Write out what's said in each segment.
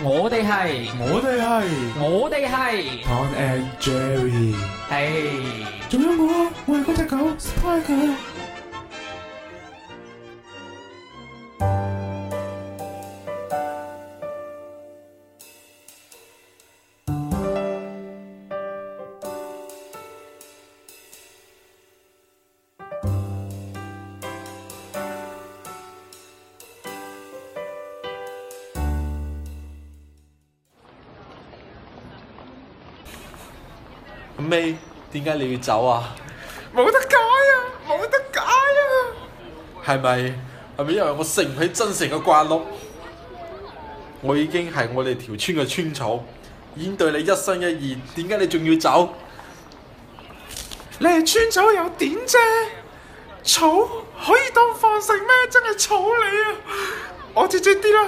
我哋係，我哋係，我哋係。Tom and Jerry 係、哎，仲有我，我係嗰隻狗 Spider。阿 May，點解你要走啊？冇得解啊！冇得解啊！係咪？係咪因為我食唔起真誠嘅瓜鈎？我已經係我哋條村嘅村草，已經對你一心一意，點解你仲要走？你係村草又點啫、啊？草可以當飯食咩？真係草你啊！我直接啲啦，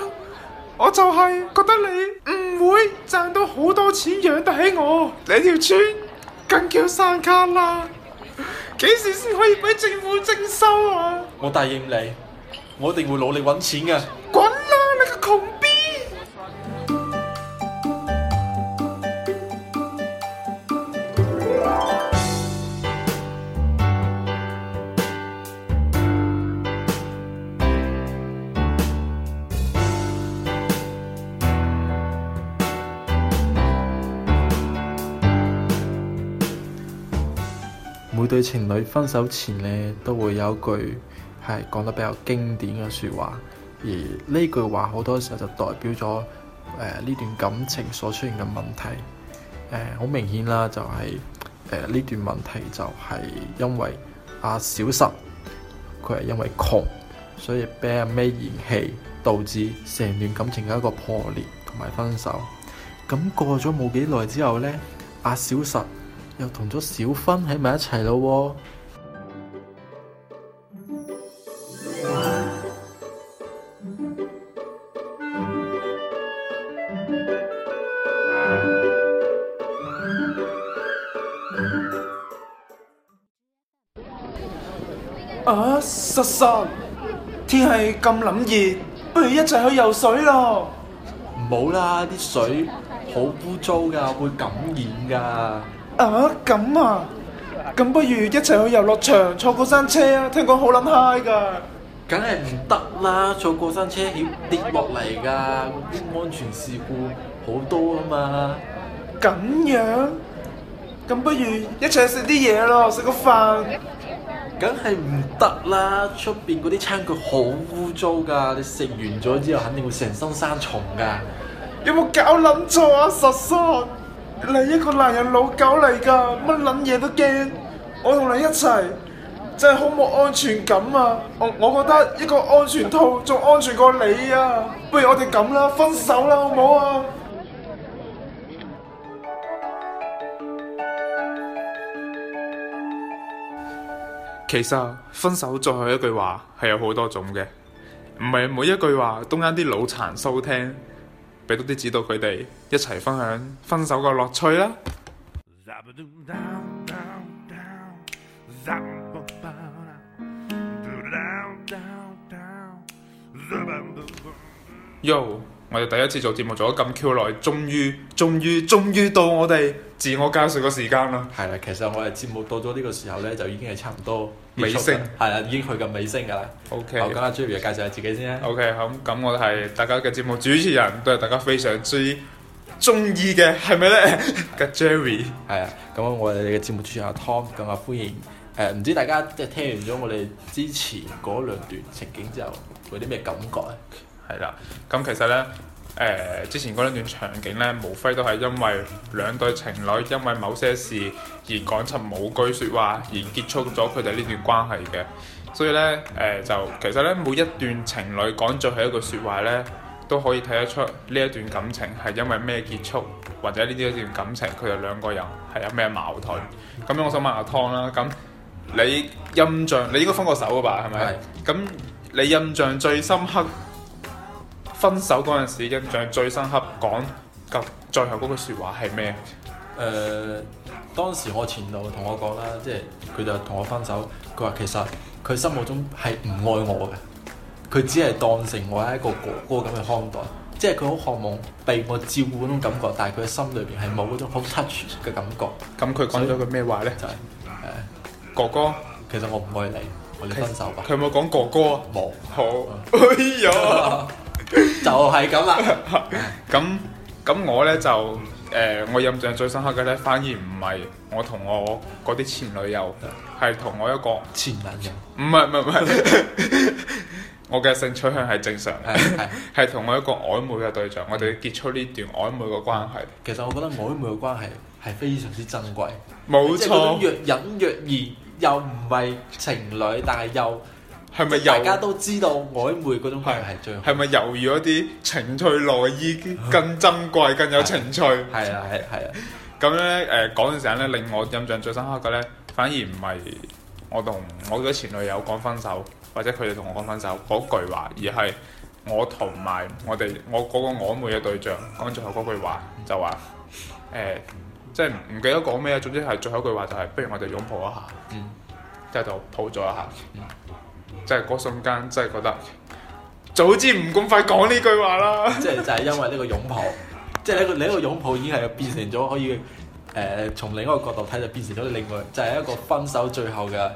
我就係覺得你唔會賺到好多錢養得起我，你條村。更叫生鏽啊，幾時先可以俾政府徵收啊？我答應你，我一定會努力揾錢嘅、啊。滾啦、啊！你個窮。對情侶分手前咧都會有一句係講得比較經典嘅説話，而呢句話好多時候就代表咗誒呢段感情所出現嘅問題。誒、呃、好明顯啦，就係誒呢段問題就係因為阿小十佢係因為窮，所以俾阿媽嫌棄，導致成段感情嘅一個破裂同埋分手。咁過咗冇幾耐之後咧，阿、啊、小十。又同咗小芬喺埋一齊咯喎！啊，濕濕！天氣咁冷熱，不如一齊去游水咯！唔好啦，啲水好污糟㗎，會感染㗎。啊咁啊，咁、啊、不如一齊去遊樂場坐過山車啊！聽講好捻嗨 i 噶。梗係唔得啦，坐過山車險跌落嚟噶，啲安全事故好多啊嘛。咁樣，咁不如一齊食啲嘢咯，食個飯。梗係唔得啦，出邊嗰啲餐具好污糟噶，你食完咗之後肯定會成身生蟲噶。有冇搞諗錯啊，十三？你一個男人老狗嚟噶，乜捻嘢都驚。我同你一齊，真係好冇安全感啊！我我覺得一個安全套仲安全過你啊！不如我哋咁啦，分手啦，好唔好啊？其實分手最後一句話係有好多種嘅，唔係每一句話都啱啲腦殘收聽。俾多啲指導佢哋，一齊分享分手個樂趣啦。Yo。我哋第一次做節目做咗咁 Q 耐，終於、終於、終於到我哋自我介紹嘅時間啦。係啦，其實我哋節目到咗呢個時候咧，就已經係差唔多尾聲，係啦，已經去緊尾聲噶啦。O K，咁阿 Jerry 介紹下自己先啊。O K，咁咁我係大家嘅節目主持人，都係大家非常最中意嘅，係咪咧？個 Jerry 係啊，咁我哋嘅節目主持人 Tom 咁啊，歡迎誒，唔知大家即係聽完咗我哋之前嗰兩段情景之後，有啲咩感覺咧？係啦，咁其實咧～誒、呃、之前嗰段場景咧，無非都係因為兩對情侶因為某些事而講出某句説話而結束咗佢哋呢段關係嘅，所以咧誒、呃、就其實咧每一段情侶講最後一句説話咧，都可以睇得出呢一段感情係因為咩結束，或者呢啲一段感情佢哋兩個人係有咩矛盾。咁樣我想問阿湯啦，咁你印象你應該分過手㗎吧？係咪？咁是你印象最深刻？分手嗰陣時印象最深刻講及最後嗰句説話係咩？誒、呃、當時我前度同我講啦，即係佢就同我分手，佢話其實佢心目中係唔愛我嘅，佢只係當成我係一個哥哥咁去看待，即係佢好渴望被我照顧嗰種感覺，但係佢心裏邊係冇嗰種好 touch 嘅感覺。咁佢講咗句咩話咧？就係、是、誒、呃、哥哥，其實我唔愛你，我哋分手吧。佢有冇講哥哥啊？冇。好。哎呀～就係咁啦，咁咁我呢，就誒、呃，我印象最深刻嘅呢，反而唔係我同我嗰啲前女友，係同 我一個前男友。唔係唔係唔係， 我嘅性取向係正常，係同我一個曖昧嘅對象。 我哋結束呢段曖昧嘅關係。其實我覺得曖昧嘅關係係非常之珍貴，冇錯，即係嗰種若隱若現，又唔係情侶，但係又。係咪大家都知道曖昧嗰種係係最好？係咪猶豫一啲情趣內衣更珍貴、更有情趣？係啊係係啊！咁咧，誒嗰段時間咧，令我印象最深刻嘅咧，反而唔係我同我嘅前女友講分手，或者佢哋同我講分手嗰句話，而係我同埋我哋我嗰個曖昧嘅對象講最後嗰句話，就話誒、呃，即係唔記得講咩，總之係最後一句話就係、係、不如我哋擁抱一下，嗯，即係就抱咗一下。嗯即係嗰瞬間，真係覺得早知唔咁快講呢句話啦。即係就係因為呢個擁抱， 即係你個呢 個擁抱已經係變成咗可以誒，從、呃、另一個角度睇就變成咗另外，就係、係、一個分手最後嘅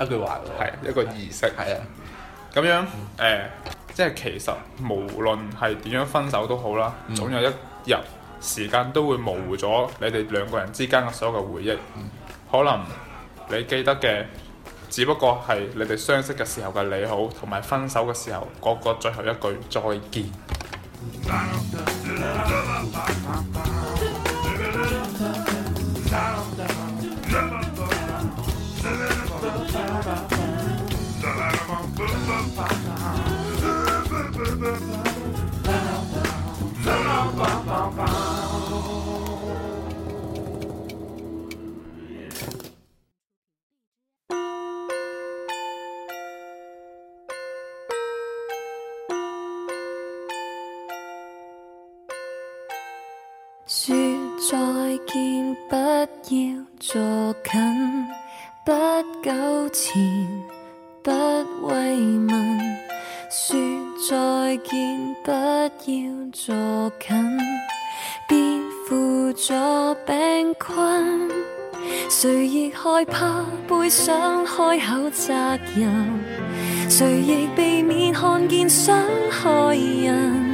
一句話。係一個儀式，係啊。咁、啊、樣誒、嗯呃，即係其實無論係點樣分手都好啦，嗯、總有一日時間都會模糊咗你哋兩個人之間嘅所有嘅回憶。嗯、可能你記得嘅。只不過係你哋相識嘅時候嘅你好，同埋分手嘅時候嗰個最後一句再見。再見，不要坐近，不糾纏，不慰問。說再見，不要坐近，別扶助病困。誰亦害怕背上開口責任，誰亦避免看見傷害人。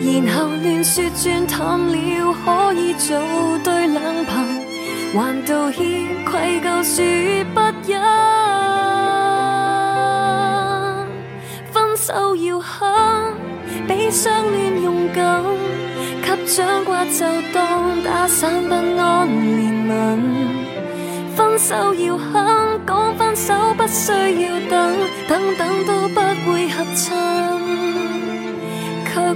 然後亂說轉淡了，可以做對兩朋，還道歉愧疚說不忍。分手要狠，比相戀勇敢，給掌摑就當打散，不安憐憫。分手要狠，講分手不需要等，等等都不會合襯。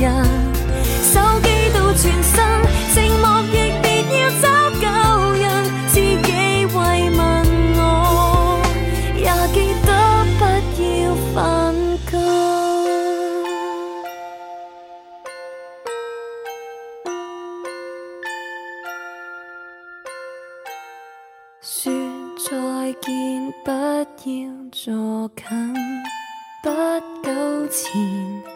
人，手機到全身寂寞亦別要找舊人，知己慰問我，也記得不要犯禁。 說再見，不要坐近，不久前。